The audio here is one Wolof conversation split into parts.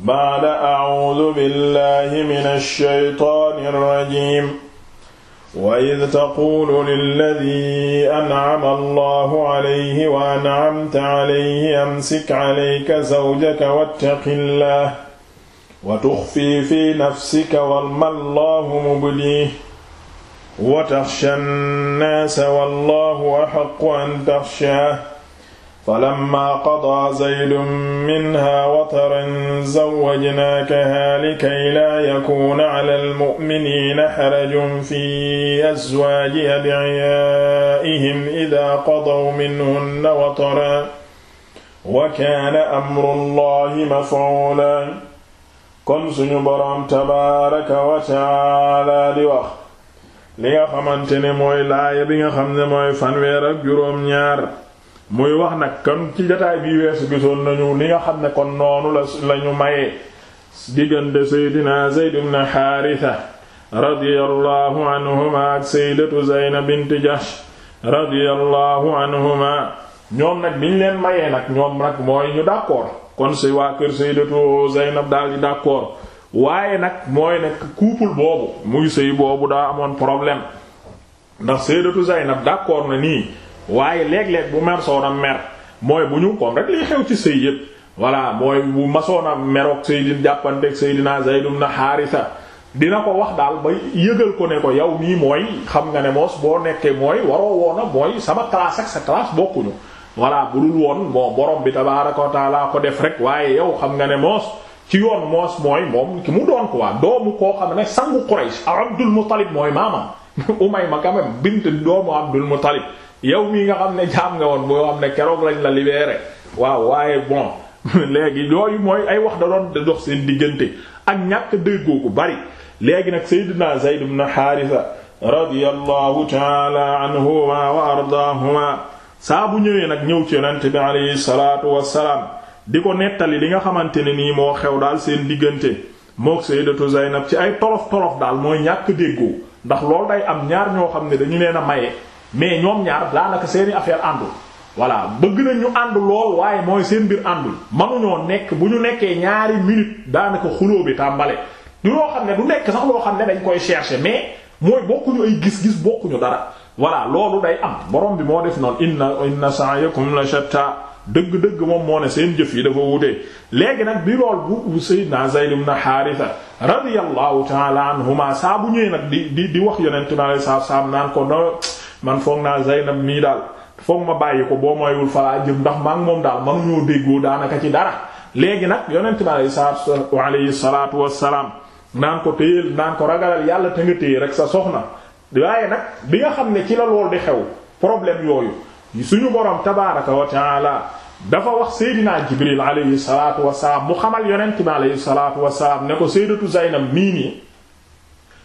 baada acuudu billahi min alshaytaani alrajim wa id taquulu lilladi ancama allahu calayhi wa ancamta calayhi amsik calayka zawjaka wattaqi llah wa tuxfi fi nafsika wama allahu mubdiih wa taxsha nnaasa wallahu axaqu an taxshaah فلما قضى زيد منها وطرا زوجناكها لكي لا يكون على المؤمنين حرج في أزواج أدعيائهم إذا قضوا منهن وطرا وكان أمر الله مفعولا kon suñu boroom tabaaraka wa taala di wax li nga xamante ne mooy laaya bi nga xam ne mooy fanweer ak juróom ñaar muy wax nag kon ci jotaay bi weesu gisoon nañu li nga xam ne kon noonu la lañu mayee diggante seydina Zayd ibn Haarisa radiyallahu ak sayyidatu Zaynab bint Jahsh radiyallahu anhuma ñoom nag biñ leen mayee nag ñoom nag mooy ñu d'accord kon si waa kër sayyidatu Zaynab daal di waaye nag mooy nag couple boobu muy sëy boobu daa amoon problème ndax sayyidatu Zaynab d'accord na nii waaye léeg-léeg bu mer soona mer mooy bu ñu comme rek liy xew ci sëy yépp voilà mooy bu masoona meroog Seydina jàppanteeg Seydina Zayd ibn Haarisa dina ko wax daal ba yëgal ko ne ko yow nii mooy xam nga ne moos boo nekkee mooy waroo woona mooy sama classe ak sa classe bokkuñu voilà bu dul woon bon borom bi tabaaraka wa taala ko def rek waaye yow xam nga ne moos ci yoon moos mooy moom ki mu doon quoi doomu koo xam ne sangu Quraysh Abdul Muttalib mooy maamam Umayma quand même bint Abdul Muttalib yow mii nga xam ne jaam nga woon boo xam ne keroog lañu la libéré waaw waaye bon léegi yooyu mooy ay wax da doon da dox seen diggante ak ñàkk déggoo ko bari léegi nag Seydina Zayd ibn Haarisa radiyallahu taala anhuma wa ardaahuma saa bu ñëwee nag ñëw ci yonent bi alayhi salaatu wassalaam di ko nettali li nga xamante ne nii moo xew daal seen diggante moo mook Sayyidatu Zaynab ci ay tolof tolof daal mooy ñàkk déggoo ndax loolu day am ñaar ñoo xam ne dañu leen a maye mais ñoom ñaar daanaka seeni affaire àndul voilà bëgg nañ ñu ànd lool waaye mooy seen mbir àndul manuñoo nekk bu ñu nekkee ñaari minute daanaka xuloo bi tàmbale du xam ne du nekk sax loo xam ne dañ koy chercher mais mooy bokkuñu ay gis-gis bokkuñu dara voilà loolu day am borom bi moo def noonu inna inna sa'yakum la shatta dëgg-dëgg moom moo ne seen jëf yi dafa wutee léegi nag bi lool bu sayyidna Zayd ibn Haritha radiyallahu ta'ala anhuma saa bu ñëwee nag di di di wax yonente mi alei saatu salaam naan ko no man foog naa Zaynab mii daal foog ma bàyyi ko boo mooywul falaa jëm ndax maa ngi moom daal mënuñoo déggoo daanaka ci dara léegi nag yonent bi alayhi salaatu wassalaam naan ko téyeel naan ko ragalal yàlla te rek sa soxna waaye nag bi nga xam ne ci la lool di xew problème yooyu suñu borom tabaaraka wa taala dafa wax Seydina Jibril alayhi salaatu wassalaam mu xamal yonent bi alayhi salaatu wassalaam ne ko Sayyidatu Zaynab mii nii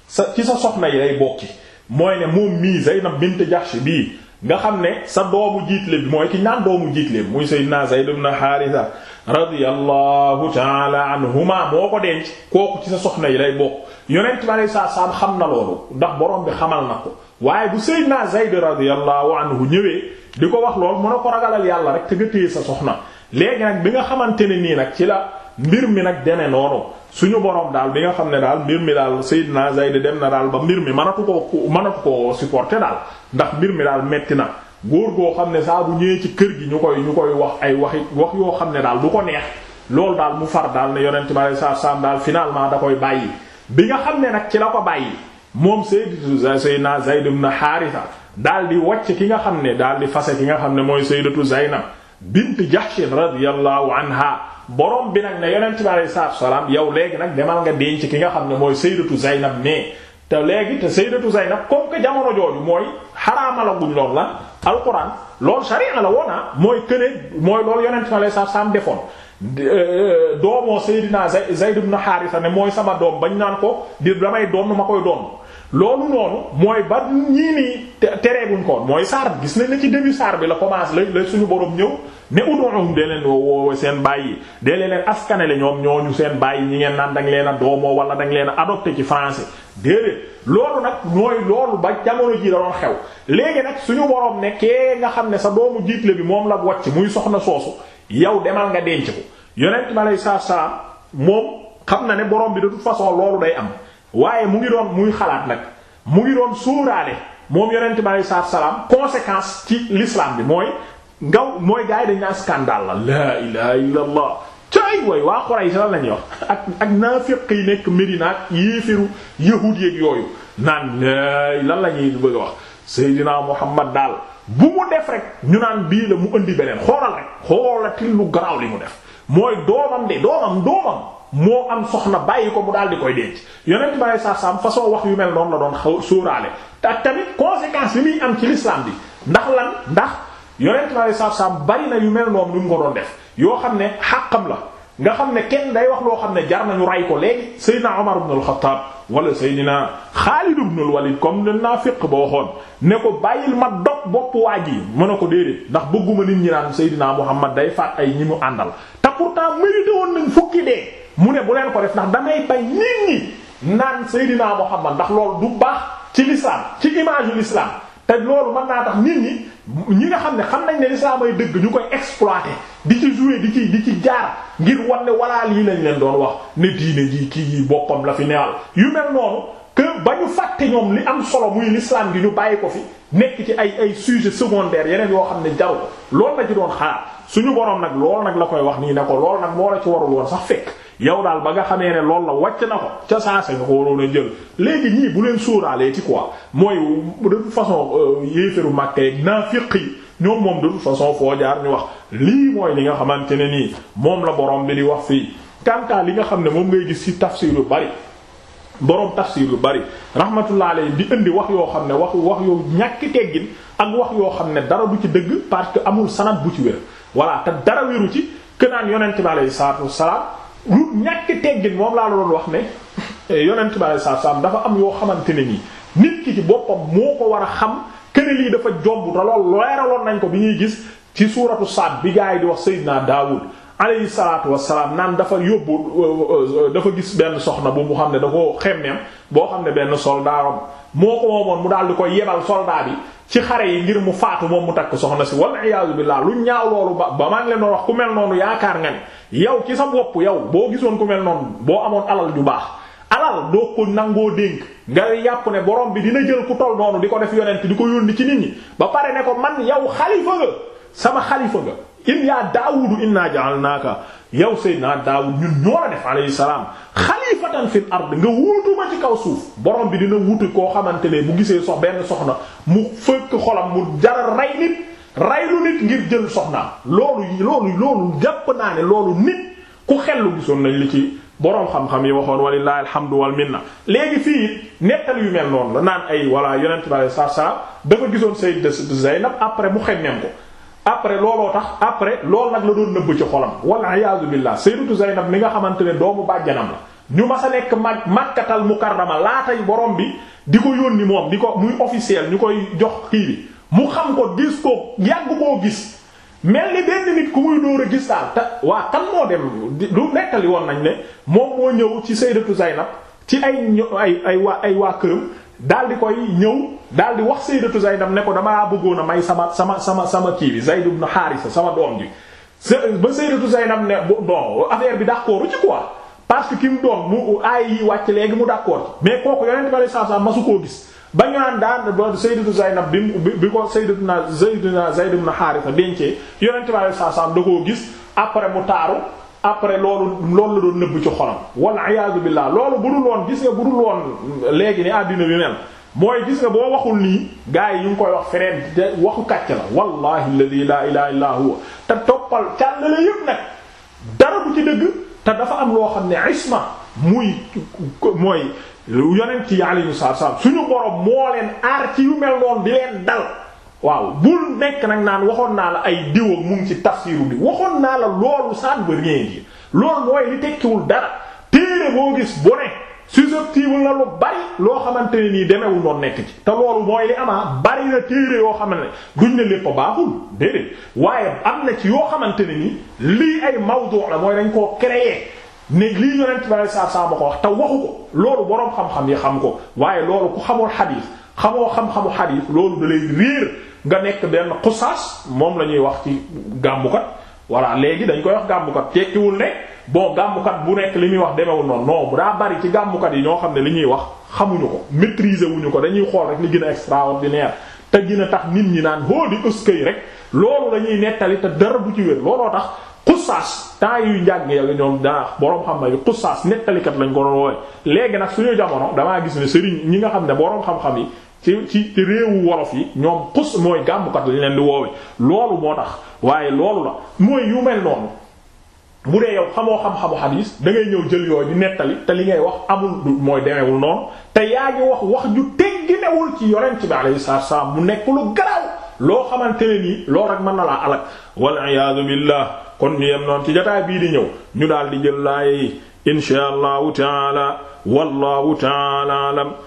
sa ci sa soxna yi lay bokki mooy ne moom mii Zaynab bint Jahsh bii nga xam ne sa doomu jiitle bi mooy ki naan doomu jiitle bi muy Seydina Zayd ibn Haarisa radiyallahu taala anhuma moo ko denc kooku ci sa soxna yi lay bokk yonent bi alei saatu xam na loolu ndax borom bi xamal na ko waaye bu Seydina Zayd radiyallahu anhu ñëwee di ko wax loolu mën a ko ragalal yàlla rek te nga téye sa soxna léegi nag bi nga xamante ne nii nag ci la mbir mi nag demee suñu borom daal bi nga xam ne daal mbir mi daal naa Zayd dem na daal ba mbir mi mënatu ko mënatu koo supporter daal ndax mbir mi daal metti na góor goo xam ne saabu bu ñëwee ci kër gi ñu koy ñu koy wax ay waxi wax yoo xam ne daal du ko neex loolu daal mu far daal ne yonent bi saa saam daal finalement da koy bàyyi bi nga xam ne nag ci la ko bàyyi moom Seydina Seydina Zayd ibn Haarisa daal di wàcc ki nga xam ne daal di fase ki nga xam ne mooy Sayyidatu Zaynab bint Jahsh borom bi nag ne yonent bi alayhi salaatu salaam yow léegi nag demal nga denc ki nga xam ne mooy sayyidatu Zaynab mais te léegi te sayyidatu Zaynab comme que jamono jooju mooy xaraama la guñ lool la alquran loolu sharia la woon ah, mooy këne mooy loolu yonent bi alayhi salaatu wa salaam defoon. Euh, doomoo Seydina Zayd ibn Haarisa ne mooy sama doom bañ naan ko di damay doon ma koy doom loolu noonu mooy ba ñii nii tereeguñ koon mooy saar bi gis nañ la ci début saar bi la commencé la suñu borom ñëw. ne ud'uhum dee leen woowe seen baay yi dee leen askanale ñoom ñu seen baay yi ñi ngeen naan danga leen a doomoo wala danga leen a adopté ci français déedéet loolu nag mooy loolu ba jamono ji da doon xew léegi nag suñu boroom ne kee nga xam ne sa doomu jiitle bi moom la wàcc muy soxna soosu yow demal nga denc ko yonent mi sa salaatu salaam moom xam na ne boroom bi da toute façon loolu day am waaye mu ngi doon muy xalaat nag mu ngi doon sóoraale moom yonent bi aleyhi salaatu conséquence ci l'islam bi mooy ngaw mooy gars yi dañ la laa ilaha illa allah cay way waa Quraysh la lañuy wax ak ak naafiq yi nekk Medina ak yéefiru yahuud yeeg yooyu naan laay lan la ñuy bëgg a wax Seydina Muhammad daal bu mu def rek ñu naan bii la mu indi beneen xoolal rek xoolatil lu garaaw li mu def mooy doomam de doomam doomam moo am soxna bàyyi ko mu daal di koy denc yonent bàyyi saa saam façon wax yu mel noonu la doon xaw sóoraale te tamit conséquence yi muy am ci l'islam bi yonent bi alayhi salaatu salaam bari na yu mel noonu lu mu ko def yoo xam ne xàqam la nga xam ne kenn day wax loo xam ne jar nañu ray ko léegi Seydina Omar ibn al-Khattab wala Seydina Xaalid ibn al-Walid comme ne naafiq ba waxoon ne ko bàyyil ma dog bopp waa yi mën na ko déedéet ndax bëgguma nit ñi naan Seydina Muhammad day faat ay ñi mu àndal te pourtant mérité woon nañ fukki dee mu ne bu leen ko def ndax damay bañ nit ñi naan Seydina Muhammad ndax loolu du baax ci l'islam ci image yu te loolu mën naa tax nit ñi nga xam ne xam nañ ne lislaam ay dëgg ñu koy exploiter di ci jouer di ci di ci jaar ngir wan ne walaa lii lañ leen doon wax ne diine ji kii yi boppam la fi neewal yu mel noonu que ba ñu fàtte ñoom li am solo muy lislaam gi ñu bàyyi ko fi nekk ci ay ay sujet secondaire yeneen yoo xam ne jaru ko loolu la ci doon xaar suñu boroom nag loolu nag la koy wax nii ne ko loolu nag moo la ci warul woon sax fekk yow daal ba nga xamee ne loolu la wàcc na ko ca saase nga ko waroon a jël léegi ñii bu leen sóoraalee ci quoi mooy de toute façon euh, yéefaru màkkeeg naafiq yi ñoom moom de toute façon foo jaar ñu wax lii mooy li nga xamante ne nii moom la borom bi di wax fii kantaa li nga xam ne moom ngay gis ci tafsir yu bari boroom tafsir yu bari rahmatullah alayhi di indi wax yoo xam ne wax wax yoo ñàkk teggin ak wax yoo xam ne dara du ci dëgg parce que amul sanad bu ci wér voilà te dara wéru ci kënaan yonent bi alayhi salaatu wassalaam lu ñàkk teggin moom laa doon wax ne eh, yonent bi alei satu dafa am yoo xamante ne nii nit ki ci boppam moo ko war a xam këne lii dafa jomb a lool leeraloon nañ ko bi ñuy gis ci suuratu Saad bi gaa yi di wax Seydina Daawud alayhi salaatu wassalaam naan dafa yóbbu euh, euh, dafa gis benn soxna bu mu xam ne da ko xemmeem boo xam ne benn soldaram moo ko moomoon mu daal di ko yebal soldat bi ci xare yi ngir mu faatu moom mu takk soxna si wal iyaazu billaah lu ñaaw loolu ba ba maa ngi leen wax ku mel noonu yaakaar nga ne yow ci sa bopp yow boo gisoon ku mel noonu boo amoon alal ju baax alal doo ko nangoo dénk nga yàpp ne borom bi dina jël ku toll noonu di ko def yonent di ko yónni ci nit ñi ba pare ne ko man yow xalifa nga sama xalifa nga in yaa daawudu inna ja'alnaaka yow naa daawud ñun ñoo la def alayhi salaam xalifatan fil ard nga wuutuma ci kaw suuf borom bi dina wuute koo xamante ne bu gisee sox benn soxna mu fëkk xolam mu jara rey nit reylu nit ngir jël soxnaam loolu loolu loolu jàpp naa ne loolu nit ku xellu gisoon nañ li ci boroom xam-xam yi waxoon walillahi alhamdu wal minna léegi fii nettali yu mel noonu la naan ay walla yonent bi sallallahu alayhi wasallam dafa gisoon sayyidatu Zaynab après mu xemmem ko après looloo tax après lool nag la doon nëbb ci xolam walla iyaazu billaah sayyidatu Zaynab mi nga xamante ne doomu bàjjanam la ñu mas a nekk mag makkatal mukarrama laatay borom bi di ko yónni moom di ko muy officiel ñu koy jox kii bi mu xam ko gis ko yàgg koo gis mel ni benn nit ku muy dóor a gis te waa kan moo dem lu nekkali woon nañ ne moom moo ñëw ci sayyidatu Zaynab ci ay ay ay waa ay waa këram daal di koy ñëw daal di wax sayyidatu Zaynab ne ko damaa bëggoon a may sama sama sama sama kii bi Zayd ibn Haarisa sama doom ji ba sayyidatu Zaynab ne bon affaire bi d'accordu ci quoi parce que ki mu doon mu aay yi wàcc léegi mu d'accord mais kooku yonent bi saa saa masu koo gis ba ñu naan daan sayyidatu Zaynab bi bi ko sayyidatuna Zayd ibn Haarisa dencee yonent bi saa saa da koo gis après mu taaru. après loolu loolu la doon nëbbu ci xolam wal iyaazu billaah loolu bu dul woon gis nga bu dul woon léegi ne àddina bi mel mooy gis nga boo waxul nii gars yi ñu koy wax feneen te waxu kàcc la wallahi alladhi laa ilaaha illaa huwa te toppal càll la yëpp nag dara bu ci dëgg te dafa am loo xam ne isma muy mooy yonent ci alayhi salaatu wa suñu borom moo leen aar ci yu mel noonu di leen dal waaw bul nekk nag naan waxoon naa la ay diw ak mu ngi ci tafsiru bi waxoon naa la loolu ça ne veut rien dire loolu mooy li tekkiwul dara téere boo gis bu ne susceptible na lu bari loo xamante ne nii demewul noonu nekk ci te loolu mooy li ama bari na téere yoo xamante ne duñ ne lépp a baaxul déedéet waaye am na ci yoo xamante ne nii lii ay mawdu' la mooy dañ koo créer ne lii yonent bi saa saa ma ko wax te waxu ko loolu boroom xam-xam yi xam ko waaye loolu ku xamul xadiis xamoo xam-xamu xadiis loolu da nga nekk benn xusaas moom la ñuy wax ci gàmmukat voilà léegi dañ koy wax gàmmukat tekkiwul ne bon gàmmukat bu nekk li muy wax demewul noonu non bu daa bari ci gàmmukat yi ñoo xam ne li ñuy wax xamuñu ko maîtriser wuñu ko dañuy xool rek li gën a extraordinaire te gën a tax nit ñi naan boo oh, di ëskay rek loolu la ñuy nettali te dara bu ci wér looloo tax xusaas temps yu njàgg yow ñoom daa borom xam na yi xusaas nettalikat lañ ko doon woowe léegi nag suñu jamono damaa gis ne ñi nga xam ne borom xam-xam yi ci ci réewu wolof yi ñoom xus mooy gàmmukat lañ leen di woowe loolu moo tax waaye loolu la mooy yu mel noonu bu dee yow xamoo xam-xamu xadiis da ñëw jël yooyu di nettali te li ngay wax amul mooy demeewul noonu te yaa ngi wax wax ju tegginewul ci yonent bi alayhi salaatu wassalaam mu nekk lu garaaw loo xamante ne nii loolu rek mën na laa alak wal iyaadu billah kon ñu yem noonu ci jotaay bii di ñëw ñu daal di jël laaye yi inshaa allahu taala wallahu taala alam